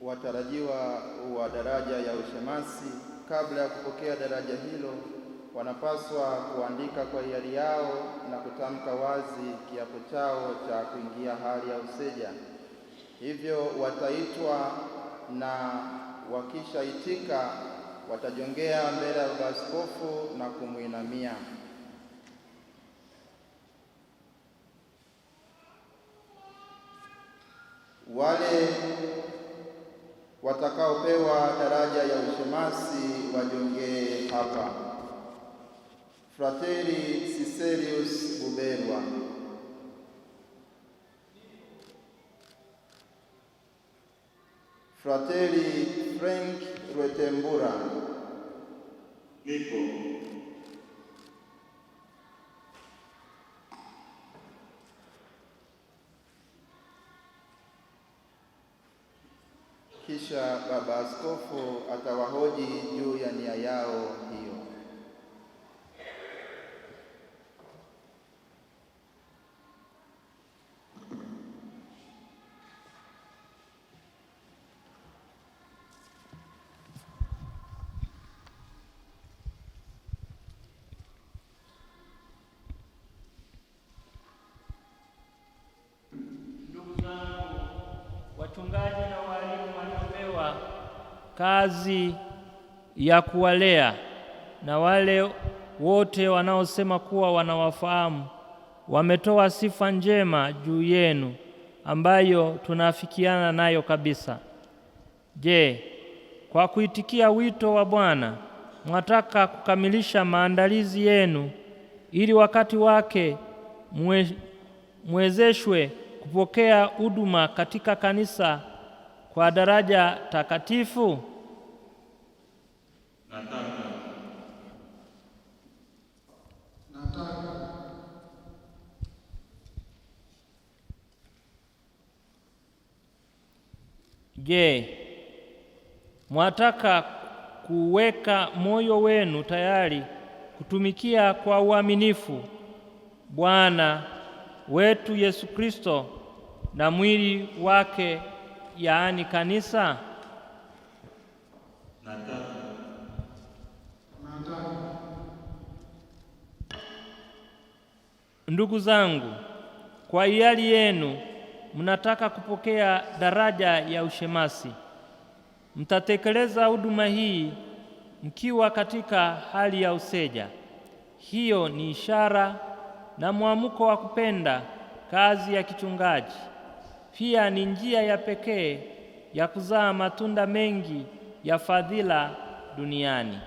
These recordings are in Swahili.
watarajiwa wa daraja ya ushemasi kabla ya kupokea daraja hilo wanapaswa kuandika kwa hiari yao na kutamka wazi kiapo chao cha kuingia hali ya useja. Hivyo wataitwa na wakishaitika watajongea mbele ya baskofu na kumwinamia. Wale watakaopewa daraja ya ushemasi wajongee hapa. Frateri Siselius Buberwa. Frateri Frank Rwetembura. Nipo. Kisha baba askofu atawahoji juu ya nia yao hiyo. Ndugu zangu wachungaji na kazi ya kuwalea, na wale wote wanaosema kuwa wanawafahamu wametoa sifa njema juu yenu ambayo tunaafikiana nayo kabisa. Je, kwa kuitikia wito wa Bwana mwataka kukamilisha maandalizi yenu ili wakati wake mwe, mwezeshwe kupokea huduma katika kanisa kwa daraja takatifu. Nataka. Nataka. Je, mwataka kuweka moyo wenu tayari kutumikia kwa uaminifu Bwana wetu Yesu Kristo na mwili wake yaani kanisa. ndugu zangu, kwa hiari yenu mnataka kupokea daraja ya ushemasi. Mtatekeleza huduma hii mkiwa katika hali ya useja. Hiyo ni ishara na mwamko wa kupenda kazi ya kichungaji. Pia ni njia ya pekee ya kuzaa matunda mengi ya fadhila duniani.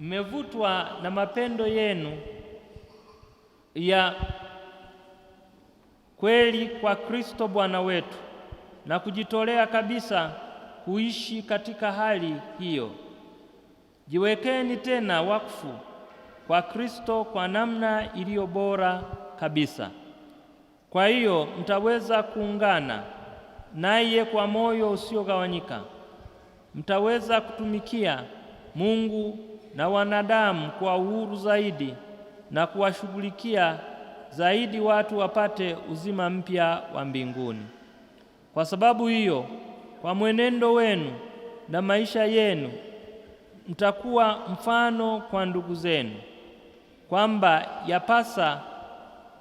Mmevutwa na mapendo yenu ya kweli kwa Kristo Bwana wetu na kujitolea kabisa kuishi katika hali hiyo. Jiwekeni tena wakfu kwa Kristo kwa namna iliyo bora kabisa. Kwa hiyo mtaweza kuungana naye kwa moyo usiogawanyika, mtaweza kutumikia Mungu na wanadamu kwa uhuru zaidi na kuwashughulikia zaidi watu wapate uzima mpya wa mbinguni. Kwa sababu hiyo, kwa mwenendo wenu na maisha yenu mtakuwa mfano kwa ndugu zenu, kwamba yapasa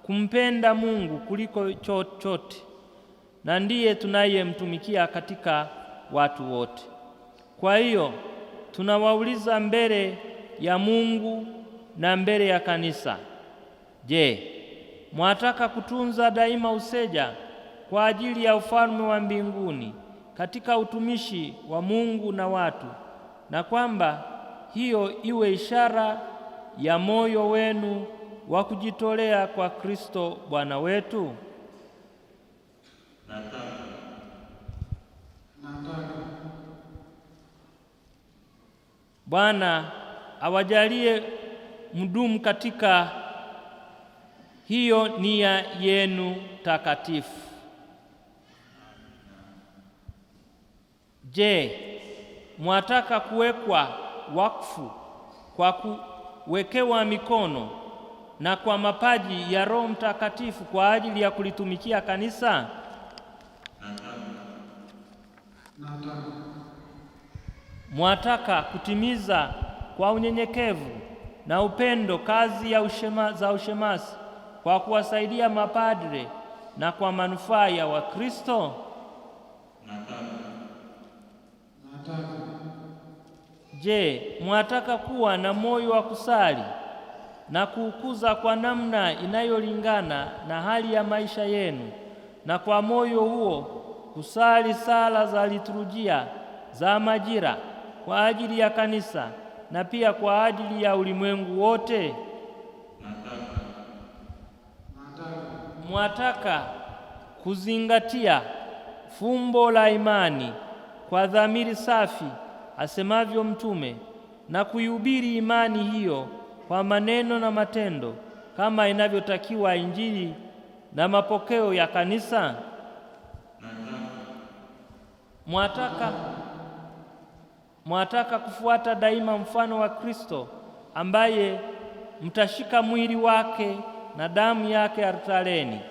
kumpenda Mungu kuliko chochote, na ndiye tunayemtumikia katika watu wote. Kwa hiyo tunawauliza mbele ya Mungu na mbele ya kanisa, je, mwataka kutunza daima useja kwa ajili ya ufalme wa mbinguni katika utumishi wa Mungu na watu, na kwamba hiyo iwe ishara ya moyo wenu wa kujitolea kwa Kristo Bwana wetu? Nataka. Nataka. Bwana awajalie mdumu katika hiyo nia yenu takatifu. Je, mwataka kuwekwa wakfu kwa kuwekewa mikono na kwa mapaji ya Roho Mtakatifu kwa ajili ya kulitumikia kanisa. Mwataka kutimiza kwa unyenyekevu na upendo kazi ya ushema, za ushemasi kwa kuwasaidia mapadre na kwa manufaa ya Wakristo. Je, mwataka kuwa na moyo wa kusali na kuukuza kwa namna inayolingana na hali ya maisha yenu, na kwa moyo huo kusali sala za liturujia za majira kwa ajili ya kanisa na pia kwa ajili ya ulimwengu wote. Mwataka kuzingatia fumbo la imani kwa dhamiri safi, asemavyo mtume, na kuihubiri imani hiyo kwa maneno na matendo kama inavyotakiwa Injili na mapokeo ya kanisa? Mwataka, mwataka kufuata daima mfano wa Kristo ambaye mtashika mwili wake na damu yake altareni.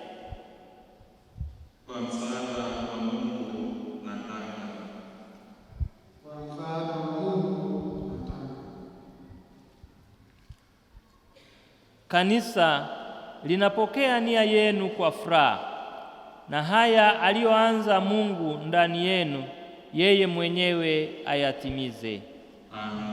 Kanisa linapokea nia yenu kwa furaha, na haya aliyoanza Mungu ndani yenu, yeye mwenyewe ayatimize. Amen.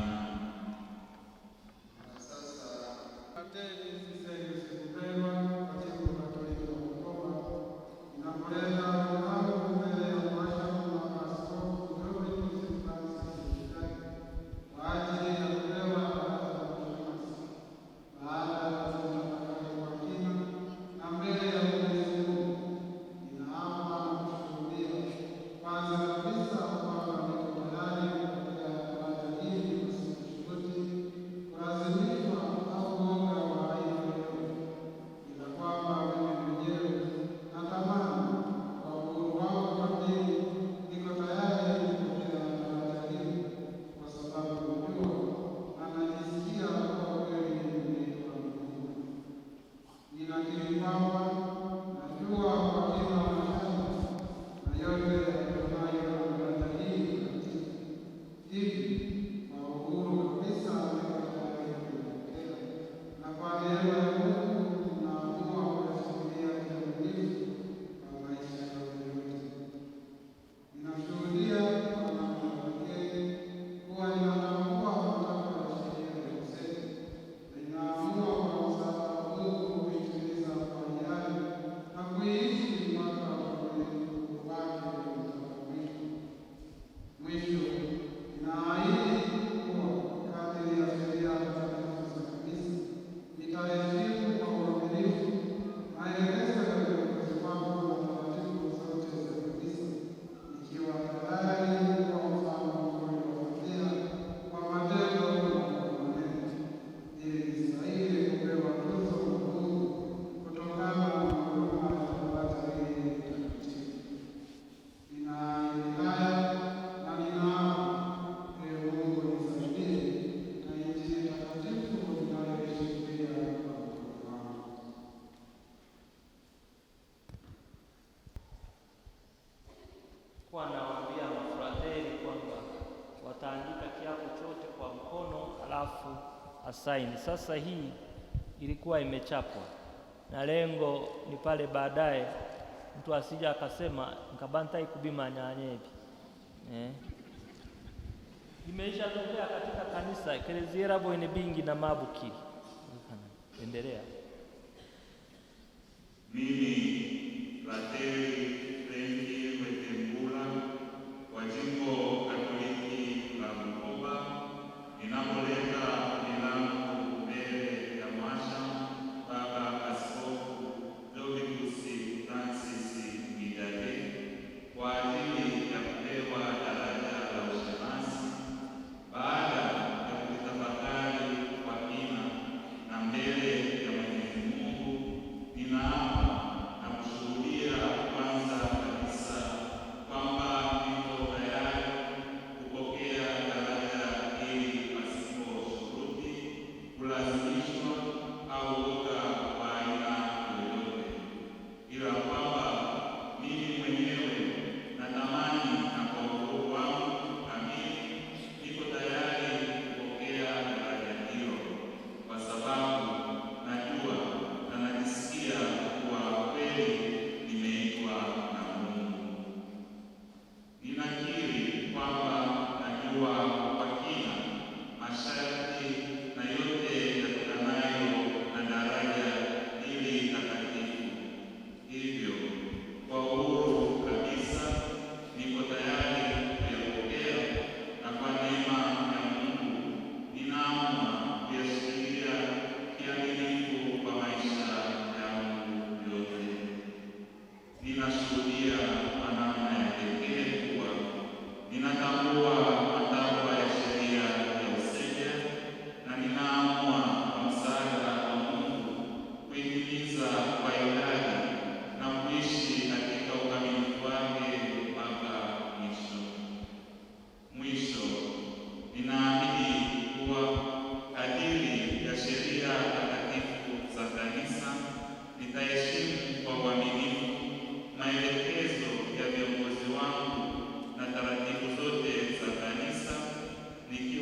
afu asaini. Sasa hii ilikuwa imechapwa na lengo ni pale baadaye mtu asija akasema nkabantai nyanyevi eh. Imeisha tokea katika kanisa kelezira bwene bingi na mabuki Endelea. Mimi rateli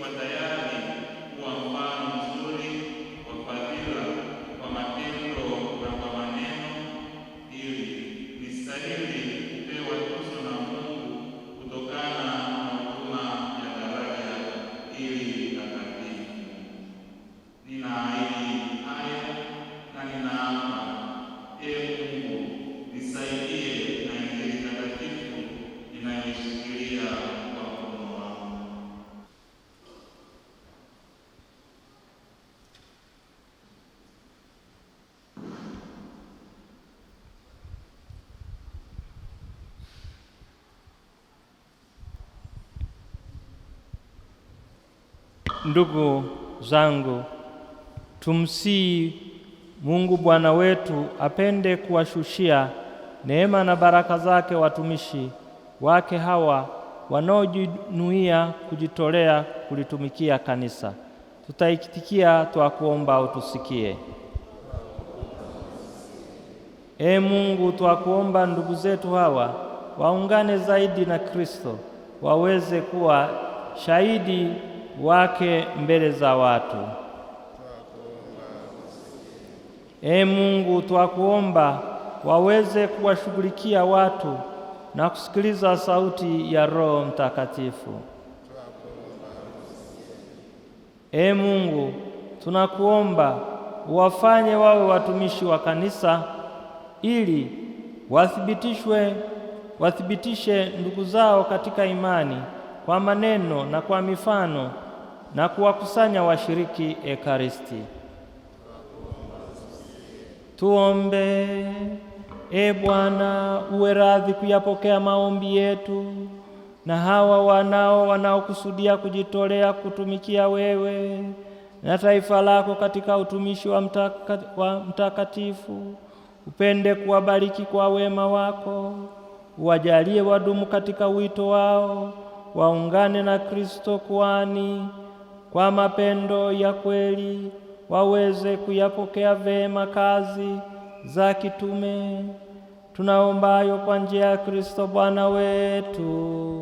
quando Ndugu zangu, tumsii Mungu Bwana wetu apende kuwashushia neema na baraka zake watumishi wake hawa wanaojinuia kujitolea kulitumikia kanisa. Tutaikitikia, twakuomba utusikie. E Mungu, twakuomba ndugu zetu hawa waungane zaidi na Kristo, waweze kuwa shahidi wake mbele za watu. Ee Mungu, twakuomba waweze kuwashughulikia watu na kusikiliza sauti ya Roho Mtakatifu. Ee Mungu, tunakuomba uwafanye wawe watumishi wa kanisa ili wathibitishwe wathibitishe ndugu zao katika imani kwa maneno na kwa mifano na kuwakusanya washiriki Ekaristi. Tuombe. E Bwana, uwe radhi kuyapokea maombi yetu na hawa wanao wanaokusudia kujitolea kutumikia wewe na taifa lako katika utumishi wa, mtaka, wa mtakatifu. Upende kuwabariki kwa wema wako, uwajalie wadumu katika wito wao waungane na Kristo kwani kwa mapendo ya kweli waweze kuyapokea vema kazi za kitume tunaombayo kwa njia ya Kristo Bwana wetu.